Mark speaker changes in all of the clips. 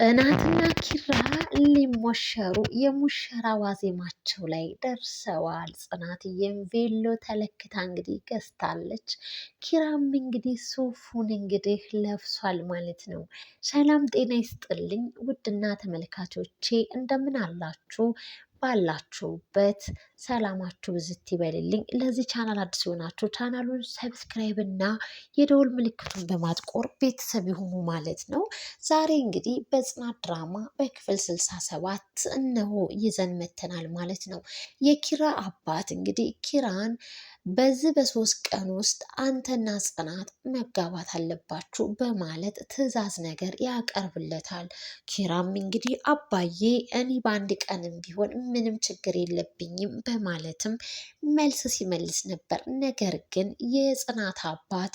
Speaker 1: ጽናትና ኪራ ሊሞሸሩ የሙሸራ ዋዜማቸው ላይ ደርሰዋል። ጽናትዬም ቬሎ ተለክታ እንግዲህ ገዝታለች። ኪራም እንግዲህ ሱፉን እንግዲህ ለብሷል ማለት ነው። ሰላም ጤና ይስጥልኝ ውድና ተመልካቾቼ እንደምን አላችሁ? ባላችሁበት ሰላማችሁ ብዝት ይበልልኝ። ለዚህ ቻናል አዲስ የሆናችሁ ቻናሉን ሰብስክራይብ እና የደወል ምልክቱን በማጥቆር ቤተሰብ ይሁኑ ማለት ነው። ዛሬ እንግዲህ በጽናት ድራማ በክፍል ስልሳ ሰባት እነሆ ይዘን መተናል ማለት ነው። የኪራ አባት እንግዲህ ኪራን በዚህ በሶስት ቀን ውስጥ አንተና ጽናት መጋባት አለባችሁ በማለት ትዕዛዝ ነገር ያቀርብለታል። ኪራም እንግዲህ አባዬ እኔ በአንድ ቀንም ቢሆን ምንም ችግር የለብኝም በማለትም መልስ ሲመልስ ነበር። ነገር ግን የጽናት አባት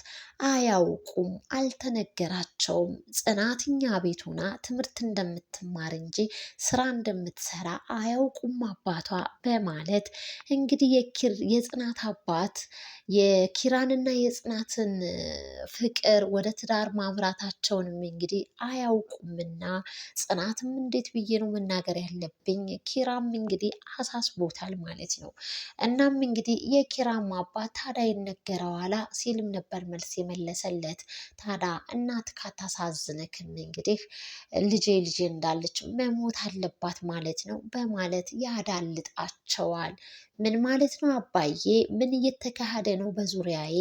Speaker 1: አያውቁም፣ አልተነገራቸውም። ጽናት እኛ ቤት ሆና ትምህርት እንደምትማር እንጂ ስራ እንደምትሰራ አያውቁም አባቷ በማለት እንግዲህ የጽናት አባት የኪራንና የጽናትን ፍቅር ወደ ትዳር ማምራታቸውንም እንግዲህ አያውቁምና ጽናትም እንዴት ብዬ ነው መናገር ያለብኝ ኪራም እንግዲህ አሳስቦታል ማለት ማለት ነው። እናም እንግዲህ የኪራም አባት ታዳ ይነገረዋላ ሲልም ነበር መልስ የመለሰለት። ታዳ እናት ካታሳዝንክም እንግዲህ ልጄ ልጄ እንዳለች መሞት አለባት ማለት ነው በማለት ያዳልጣቸዋል። ምን ማለት ነው አባዬ? ምን እየተካሄደ ነው በዙሪያዬ?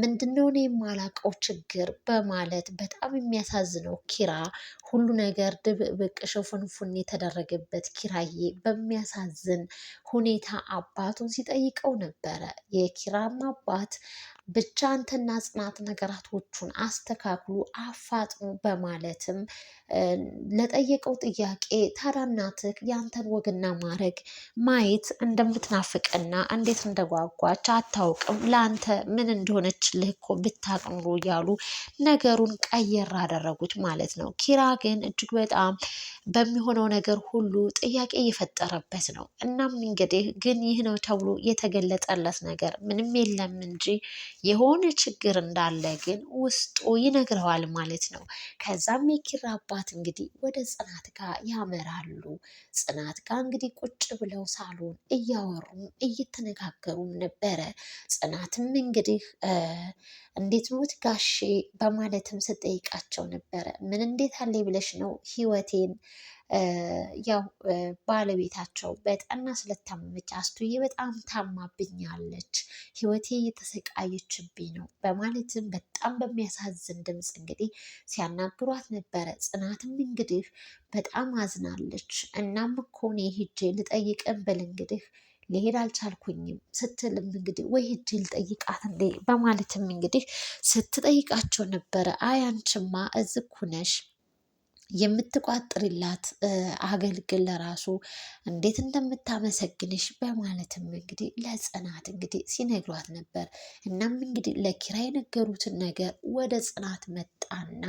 Speaker 1: ምንድነው እኔ የማላቀው ችግር? በማለት በጣም የሚያሳዝነው ኪራ ሁሉ ነገር ድብብቅ ሽፉንፉን የተደረገበት ኪራዬ በሚያሳዝን ሁኔታ አባቱን ሲጠይቀው ነበረ። የኪራም አባት ብቻ አንተና ጽናት ነገራቶቹን አስተካክሉ፣ አፋጥኑ በማለትም ለጠየቀው ጥያቄ ታዲያ እናትህ ያንተን ወግና ማድረግ ማየት እንደምትናፍቅና እንዴት እንደጓጓች አታውቅም፣ ለአንተ ምን እንደሆነችልህ እኮ ብታውቅ ኑሮ እያሉ ነገሩን ቀየር አደረጉት ማለት ነው። ኪራ ግን እጅግ በጣም በሚሆነው ነገር ሁሉ ጥያቄ እየፈጠረበት ነው። እናም እንግዲህ ግን ይህ ነው ተብሎ የተገለጠለት ነገር ምንም የለም እንጂ የሆነ ችግር እንዳለ ግን ውስጡ ይነግረዋል ማለት ነው። ከዛም የኪራ አባት እንግዲህ ወደ ጽናት ጋር ያመራሉ። ጽናት ጋር እንግዲህ ቁጭ ብለው ሳሎን እያወሩም እየተነጋገሩም ነበረ። ጽናትም እንግዲህ እንዴት ሞት ጋሼ በማለትም ስጠይቃቸው ነበረ። ምን እንዴት አለ ብለሽ ነው ህይወቴን ያው ባለቤታቸው በጠና ስለታመመች አስቱዬ በጣም ታማብኛለች፣ ህይወቴ እየተሰቃየችብኝ ነው በማለትም በጣም በሚያሳዝን ድምፅ እንግዲህ ሲያናግሯት ነበረ። ጽናትም እንግዲህ በጣም አዝናለች። እናም እኮ እኔ ሄጄ ልጠይቅም ብል እንግዲህ ሊሄድ አልቻልኩኝም ስትልም እንግዲህ ወይ ሂጅ ልጠይቃት እንዴ በማለትም እንግዲህ ስትጠይቃቸው ነበረ። አይ አንቺማ እዚህ እኮ ነሽ የምትቋጥርላት አገልግል ለራሱ እንዴት እንደምታመሰግንሽ በማለትም እንግዲህ ለጽናት እንግዲህ ሲነግሯት ነበር። እናም እንግዲህ ለኪራ የነገሩትን ነገር ወደ ጽናት መጣና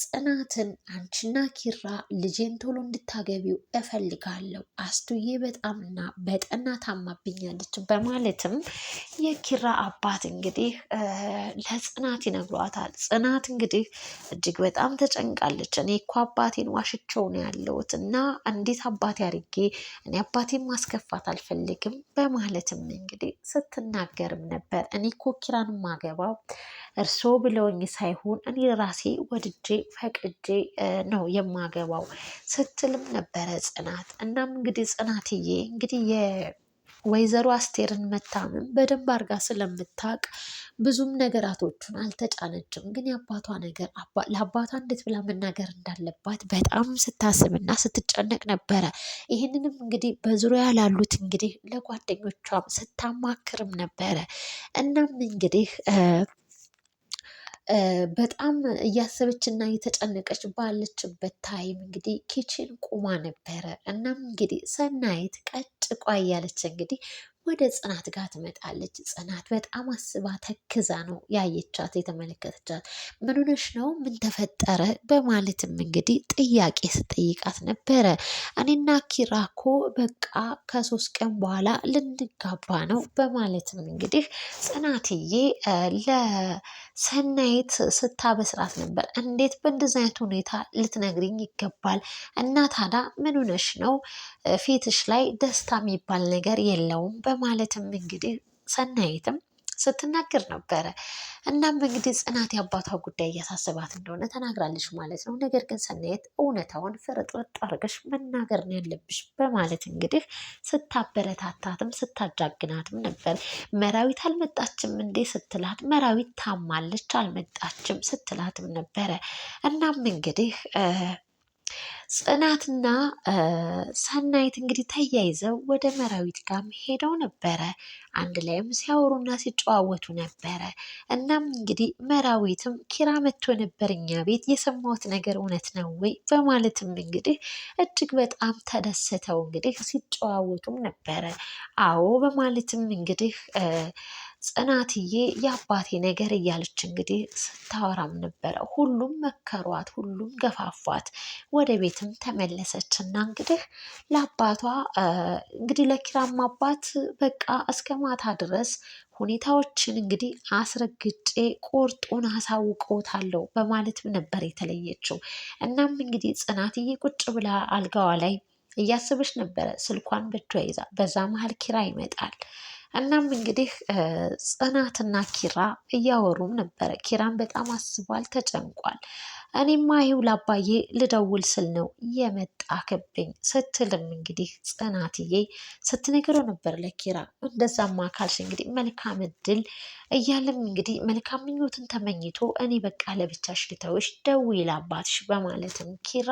Speaker 1: ጽናትን አንቺና ኪራ ልጄን ቶሎ እንድታገቢው እፈልጋለሁ፣ አስቱዬ በጣምና በጠና ታማብኛለች በማለትም የኪራ አባት እንግዲህ ለጽናት ይነግሯታል። ጽናት እንግዲህ እጅግ በጣም ተጨንቃለች። እኔ እኮ አባቴን ዋሽቸው ነው ያለሁት እና እንዴት አባቴ አድርጌ እኔ አባቴን ማስከፋት አልፈልግም በማለትም እንግዲህ ስትናገርም ነበር። እኔ እኮ ኪራን ማገባው እርስዎ ብለውኝ ሳይሆን እኔ ራሴ ወድጄ ፈቅጄ ነው የማገባው ስትልም ነበረ ጽናት። እናም እንግዲህ ጽናትዬ እንግዲህ የወይዘሮ አስቴርን መታመም በደንብ አድርጋ ስለምታውቅ ብዙም ነገራቶቹን አልተጫነችም። ግን የአባቷ ነገር ለአባቷ እንዴት ብላ መናገር እንዳለባት በጣም ስታስብና ስትጨነቅ ነበረ። ይህንንም እንግዲህ በዙሪያ ላሉት እንግዲህ ለጓደኞቿም ስታማክርም ነበረ። እናም እንግዲህ በጣም እያሰበች እና እየተጨነቀች ባለችበት ታይም እንግዲህ ኪችን ቁማ ነበረ። እናም እንግዲህ ሰናይት ቀጭ ቋ እያለች እንግዲህ ወደ ጽናት ጋር ትመጣለች። ጽናት በጣም አስባ ተክዛ ነው ያየቻት የተመለከተቻት። ምን ሆነሽ ነው? ምን ተፈጠረ? በማለትም እንግዲህ ጥያቄ ስጠይቃት ነበረ። እኔና ኪራኮ በቃ ከሶስት ቀን በኋላ ልንጋባ ነው በማለትም እንግዲህ ጽናትዬ ለሰናይት ስታበስራት ነበር። እንዴት በእንደዚህ አይነት ሁኔታ ልትነግሪኝ ይገባል? እና ታዲያ ምን ሆነሽ ነው? ፊትሽ ላይ ደስታ የሚባል ነገር የለውም በማለትም እንግዲህ ሰናይትም ስትናገር ነበረ። እናም እንግዲህ ጽናት የአባቷ ጉዳይ እያሳሰባት እንደሆነ ተናግራለች ማለት ነው። ነገር ግን ሰናየት እውነታውን ፍርጥርጥ አድርገሽ መናገር ነው ያለብሽ በማለት እንግዲህ ስታበረታታትም ስታጃግናትም ነበር። መራዊት አልመጣችም እንዴ ስትላት፣ መራዊት ታማለች አልመጣችም ስትላትም ነበረ። እናም እንግዲህ ጽናትና ሰናይት እንግዲህ ተያይዘው ወደ መራዊት ጋም ሄደው ነበረ። አንድ ላይም ሲያወሩና ሲጨዋወቱ ነበረ። እናም እንግዲህ መራዊትም ኪራ መጥቶ ነበር እኛ ቤት የሰማሁት ነገር እውነት ነው ወይ በማለትም እንግዲህ እጅግ በጣም ተደስተው እንግዲህ ሲጨዋወቱም ነበረ። አዎ በማለትም እንግዲህ ጽናትዬ የአባቴ ነገር እያለች እንግዲህ ስታወራም ነበረ። ሁሉም መከሯት፣ ሁሉም ገፋፏት። ወደ ቤትም ተመለሰች እና እንግዲህ ለአባቷ እንግዲህ ለኪራም አባት በቃ እስከ ማታ ድረስ ሁኔታዎችን እንግዲህ አስረግጬ ቁርጡን አሳውቀውታለሁ በማለትም ነበር የተለየችው። እናም እንግዲህ ጽናትዬ ቁጭ ብላ አልጋዋ ላይ እያሰበች ነበረ ስልኳን በእጇ ይዛ። በዛ መሀል ኪራ ይመጣል። እናም እንግዲህ ጽናትና ኪራ እያወሩም ነበረ። ኪራን በጣም አስቧል፣ ተጨንቋል። እኔማ ይኸው ላባዬ ልደውል ስል ነው የመጣክብኝ ስትልም እንግዲህ ጽናትዬ ስትነግረው ነበር ለኪራ። እንደዛማ ካልሽ እንግዲህ መልካም እድል እያለም እንግዲህ መልካም ምኞትን ተመኝቶ እኔ በቃ ለብቻሽ ልተውሽ ደውዪ ላባትሽ በማለትም ኪራ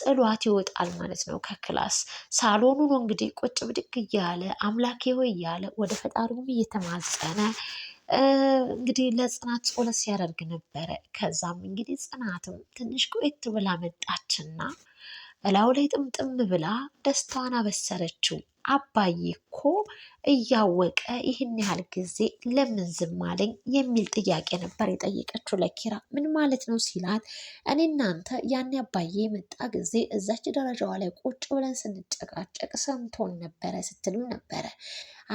Speaker 1: ጥሏት ይወጣል ማለት ነው ከክላስ ሳሎኑ ነው እንግዲህ ቁጭ ብድግ እያለ አምላኬ ሆይ እያለ ወደ ፈጣሪውም እየተማጸነ እንግዲህ ለጽናት ጸሎት ሲያደርግ ነበረ። ከዛም እንግዲህ ጽናትም ትንሽ ቆየት ብላ መጣችና እላው ላይ ጥምጥም ብላ ደስታዋን አበሰረችው። አባዬ እኮ እያወቀ ይህን ያህል ጊዜ ለምን ዝም አለኝ የሚል ጥያቄ ነበር የጠየቀችው ለኪራ። ምን ማለት ነው ሲላት፣ እኔ እናንተ ያኔ አባዬ የመጣ ጊዜ እዛች ደረጃዋ ላይ ቁጭ ብለን ስንጨቃጨቅ ሰምቶን ነበረ ስትልም ነበረ።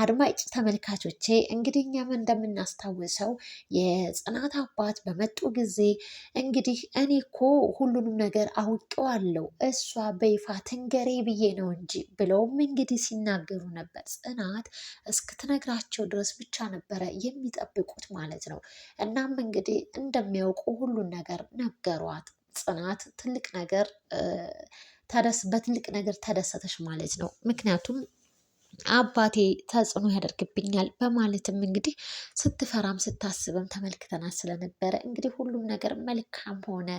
Speaker 1: አድማጭ ተመልካቾቼ እንግዲህ እኛም እንደምናስታውሰው የጽናት አባት በመጡ ጊዜ እንግዲህ እኔ እኮ ሁሉንም ነገር አውቀዋለሁ እሷ በይፋ ትንገሬ ብዬ ነው እንጂ ብለውም እንግዲህ ሲናገሩ ነበር። ጽናት እስክትነግራቸው ድረስ ብቻ ነበረ የሚጠብቁት ማለት ነው። እናም እንግዲህ እንደሚያውቁ ሁሉን ነገር ነገሯት። ጽናት ትልቅ ነገር በትልቅ ነገር ተደሰተች ማለት ነው። ምክንያቱም አባቴ ተጽዕኖ ያደርግብኛል በማለትም እንግዲህ ስትፈራም ስታስብም ተመልክተናት ስለነበረ እንግዲህ ሁሉም ነገር መልካም ሆነ።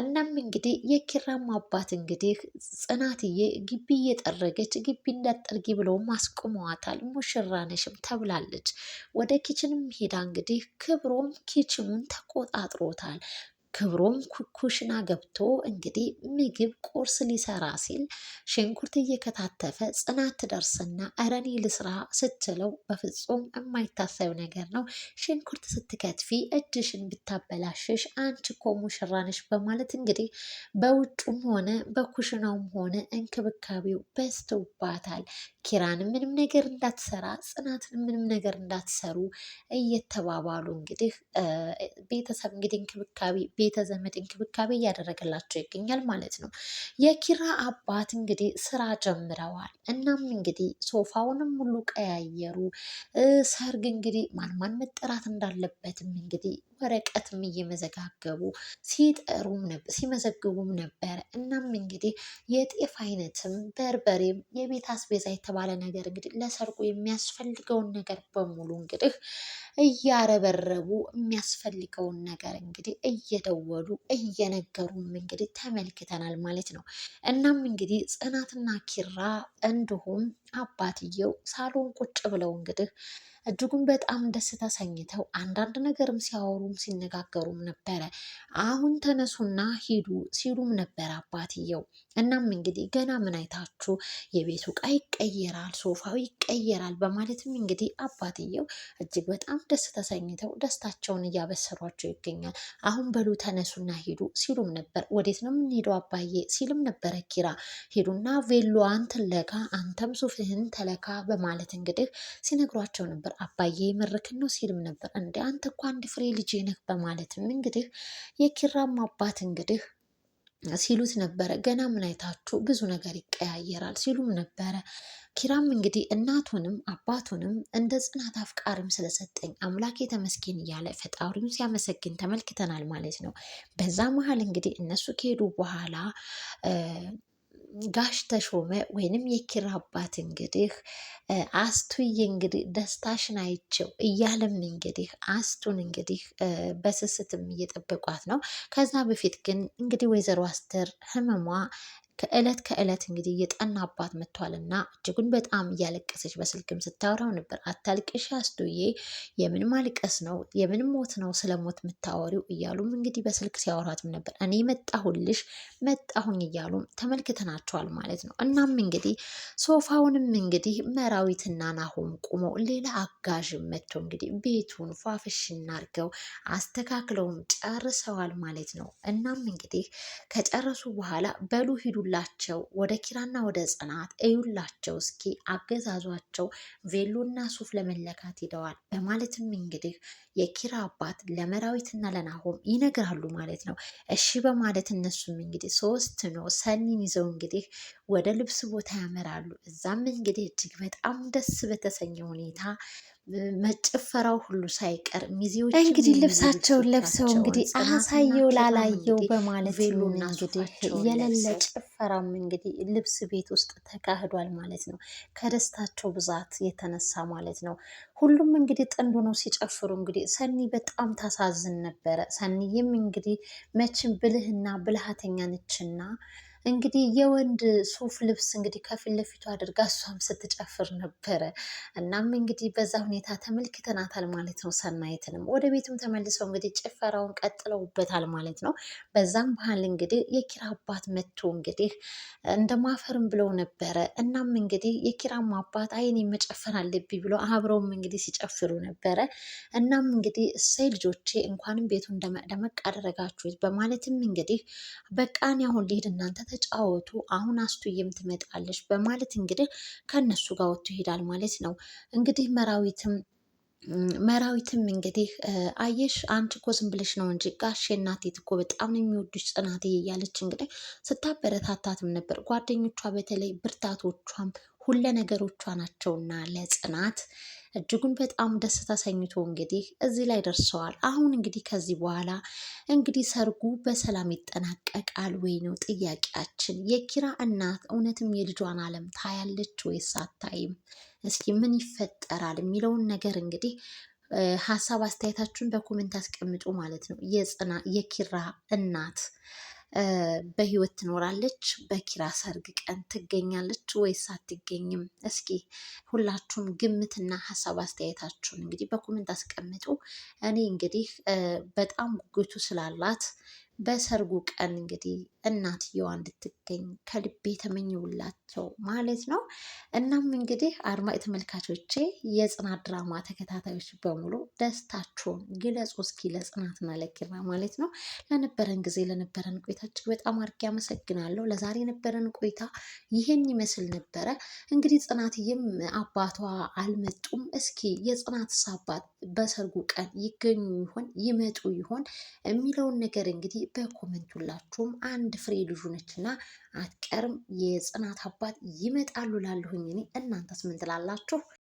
Speaker 1: እናም እንግዲህ የኪራም አባት እንግዲህ ጽናትዬ ግቢ እየጠረገች ግቢ እንዳጠርጊ ብለው አስቁመዋታል። ሙሽራነሽም ተብላለች። ወደ ኪችንም ሄዳ እንግዲህ ክብሮም ኪችኑን ተቆጣጥሮታል። ክብሮም ኩሽና ገብቶ እንግዲህ ምግብ ቁርስ ሊሰራ ሲል ሽንኩርት እየከታተፈ ጽናት ትደርስና እረኔ ልስራ ስትለው በፍጹም የማይታሰብ ነገር ነው። ሽንኩርት ስትከትፊ እጅሽን ብታበላሽሽ አንቺ እኮ ሙሽራነሽ በማለት እንግዲህ በውጩም ሆነ በኩሽናውም ሆነ እንክብካቤው በዝቶባታል። ኪራን ምንም ነገር እንዳትሰራ፣ ጽናትን ምንም ነገር እንዳትሰሩ እየተባባሉ እንግዲህ ቤተሰብ እንግዲህ እንክብካቤ ቤተዘመድ እንክብካቤ እያደረገላቸው ይገኛል ማለት ነው። የኪራ አባት እንግዲህ ስራ ጀምረዋል። እናም እንግዲህ ሶፋውንም ሁሉ ቀያየሩ። ሰርግ እንግዲህ ማን ማን መጠራት እንዳለበትም እንግዲህ ወረቀትም እየመዘጋገቡ ሲጠሩም ሲመዘግቡም ነበረ። እናም እንግዲህ የጤፍ አይነትም በርበሬም፣ የቤት አስቤዛ የተባለ ነገር እንግዲህ ለሰርጉ የሚያስፈልገውን ነገር በሙሉ እንግዲህ እያረበረቡ የሚያስፈልገውን ነገር እንግዲህ እየደወሉ እየነገሩም እንግዲህ ተመልክተናል ማለት ነው። እናም እንግዲህ ጽናትና ኪራ እንዲሁም አባትየው ሳሎን ቁጭ ብለው እንግዲህ እጅጉን በጣም ደስ ተሰኝተው አንዳንድ ነገርም ሲያወሩም ሲነጋገሩም ነበረ። አሁን ተነሱና ሂዱ ሲሉም ነበር አባትየው። እናም እንግዲህ ገና ምን አይታችሁ የቤቱ ዕቃ ይቀየራል፣ ሶፋው ይቀየራል በማለትም እንግዲህ አባትየው እጅግ በጣም ደስ ተሰኝተው ደስታቸውን እያበሰሯቸው ይገኛል። አሁን በሉ ተነሱና ሂዱ ሲሉም ነበር። ወዴት ነው የምንሄደው አባዬ ሲልም ነበረ ኪራ። ሂዱና ቬሎዋን ትለጋ አንተም ሱፍ ምርክህን ተለካ በማለት እንግዲህ ሲነግሯቸው ነበር። አባዬ ምርክን ነው ሲልም ነበር። እንደ አንተ እኮ አንድ ፍሬ ልጅ ነህ በማለትም እንግዲህ የኪራም አባት እንግዲህ ሲሉት ነበረ። ገና ምን አይታችሁ ብዙ ነገር ይቀያየራል ሲሉም ነበረ። ኪራም እንግዲህ እናቱንም አባቱንም እንደ ጽናት አፍቃሪም ስለሰጠኝ አምላክ የተመስገን እያለ ፈጣሪውን ሲያመሰግን ተመልክተናል ማለት ነው። በዛ መሀል እንግዲህ እነሱ ከሄዱ በኋላ ጋሽ ተሾመ ወይንም የኪራ አባት እንግዲህ አስቱዬ እንግዲህ ደስታሽን አይቸው እያለም እንግዲህ አስቱን እንግዲህ በስስትም እየጠበቋት ነው። ከዛ በፊት ግን እንግዲህ ወይዘሮ አስተር ህመሟ ከእለት ከእለት እንግዲህ እየጠናባት መጥቷልና እጅጉን በጣም እያለቀሰች በስልክም ስታወራው ነበር። አታልቅሽ አስዱዬ፣ የምን ማልቀስ ነው የምን ሞት ነው ስለ ሞት የምታወሪው እያሉም እንግዲህ በስልክ ሲያወራትም ነበር። እኔ መጣሁልሽ መጣሁኝ እያሉም ተመልክተናቸዋል ማለት ነው። እናም እንግዲህ ሶፋውንም እንግዲህ መራዊትና ናሆም ቁመው ሌላ አጋዥም መጥቶ እንግዲህ ቤቱን ፏፍሽ እናርገው አስተካክለውም ጨርሰዋል ማለት ነው። እናም እንግዲህ ከጨረሱ በኋላ በሉ ሂዱ እዩላቸው፣ ወደ ኪራና ወደ ጽናት እዩላቸው፣ እስኪ አገዛዟቸው ቬሎና ሱፍ ለመለካት ሂደዋል። በማለትም እንግዲህ የኪራ አባት ለመራዊትና ለናሆም ይነግራሉ ማለት ነው። እሺ በማለት እነሱም እንግዲህ ሶስት ነው ሰኒን ይዘው እንግዲህ ወደ ልብስ ቦታ ያመራሉ። እዛም እንግዲህ እጅግ በጣም ደስ በተሰኘ ሁኔታ መጨፈራው ሁሉ ሳይቀር ሚዜዎች
Speaker 2: እንግዲህ ልብሳቸውን ለብሰው እንግዲህ አሳየው ላላየው በማለት እንግዲህ የሌለ
Speaker 1: ጭፈራም እንግዲህ ልብስ ቤት ውስጥ ተካሂዷል ማለት ነው። ከደስታቸው ብዛት የተነሳ ማለት ነው። ሁሉም እንግዲህ ጥንዱ ነው ሲጨፍሩ እንግዲህ ሰኒ በጣም ታሳዝን ነበረ። ሰኒይም እንግዲህ መቼም ብልህና ብልሃተኛ ነችና እንግዲህ የወንድ ሱፍ ልብስ እንግዲህ ከፊት ለፊቱ አድርጋ እሷም ስትጨፍር ነበረ። እናም እንግዲህ በዛ ሁኔታ ተመልክተናታል ማለት ነው። ሰናይትንም ወደ ቤትም ተመልሰው እንግዲህ ጭፈራውን ቀጥለውበታል ማለት ነው። በዛም ባህል እንግዲህ የኪራ አባት መጥቶ እንግዲህ እንደማፈርም ብለው ነበረ። እናም እንግዲህ የኪራም አባት አይኔ መጨፈር አለብኝ ብሎ አብረውም እንግዲህ ሲጨፍሩ ነበረ። እናም እንግዲህ እሰይ ልጆቼ እንኳንም ቤቱን ደመቅ አደረጋችሁት በማለትም እንግዲህ በቃ እኔ አሁን ልሂድ እናንተ ተጫወቱ፣ አሁን አስቱዬም ትመጣለች በማለት እንግዲህ ከእነሱ ጋር ወጥቶ ይሄዳል ማለት ነው። እንግዲህ መራዊትም መራዊትም እንግዲህ አየሽ አንቺ እኮ ዝም ብለሽ ነው እንጂ ጋሼ እናቴት እኮ በጣም ነው የሚወዱሽ ጽናቴ እያለች እንግዲህ ስታበረታታትም ነበር። ጓደኞቿ በተለይ ብርታቶቿም ሁለ ነገሮቿ ናቸውና ለጽናት እጅጉን በጣም ደስ ተሰኝቶ እንግዲህ እዚህ ላይ ደርሰዋል። አሁን እንግዲህ ከዚህ በኋላ እንግዲህ ሰርጉ በሰላም ይጠናቀቃል ወይ ነው ጥያቄያችን። የኪራ እናት እውነትም የልጇን ዓለም ታያለች ወይስ አታይም? እስኪ ምን ይፈጠራል የሚለውን ነገር እንግዲህ ሀሳብ አስተያየታችሁን በኮሜንት አስቀምጡ ማለት ነው። የኪራ እናት በህይወት ትኖራለች? በኪራ ሰርግ ቀን ትገኛለች ወይስ አትገኝም? እስኪ ሁላችሁም ግምትና ሀሳብ አስተያየታችሁን እንግዲህ በኮሜንት አስቀምጡ። እኔ እንግዲህ በጣም ጉጉቱ ስላላት በሰርጉ ቀን እንግዲህ እናትየዋ እንድትገኝ ከልቤ ተመኝውላቸው ማለት ነው። እናም እንግዲህ አድማጭ ተመልካቾቼ የጽናት ድራማ ተከታታዮች በሙሉ ደስታችሁን ግለጹ እስኪ ለጽናትና ለኪራ ማለት ነው። ለነበረን ጊዜ ለነበረን ቆይታ እጅግ በጣም አድርጌ አመሰግናለሁ። ለዛሬ የነበረን ቆይታ ይህን ይመስል ነበረ። እንግዲህ ጽናትዬም አባቷ አልመጡም። እስኪ የጽናትስ አባት በሰርጉ ቀን ይገኙ ይሆን ይመጡ ይሆን የሚለውን ነገር እንግዲህ በኮመንቱላችሁም አንድ አንድ ፍሬ ልጁ እና አትቀርም። የጽናት አባት ይመጣሉ ላለሁኝ እኔ። እናንተስ ምን ትላላችሁ?